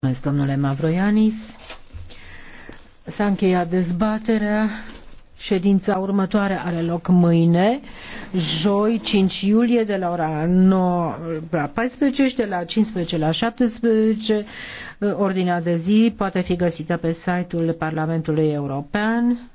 Mulțumesc, domnule Mavroianis. S-a încheiat dezbaterea. Ședința următoare are loc mâine, joi 5 iulie de la ora 9 la 14 și de la 15 la 17. Ordinea de zi poate fi găsită pe site-ul Parlamentului European.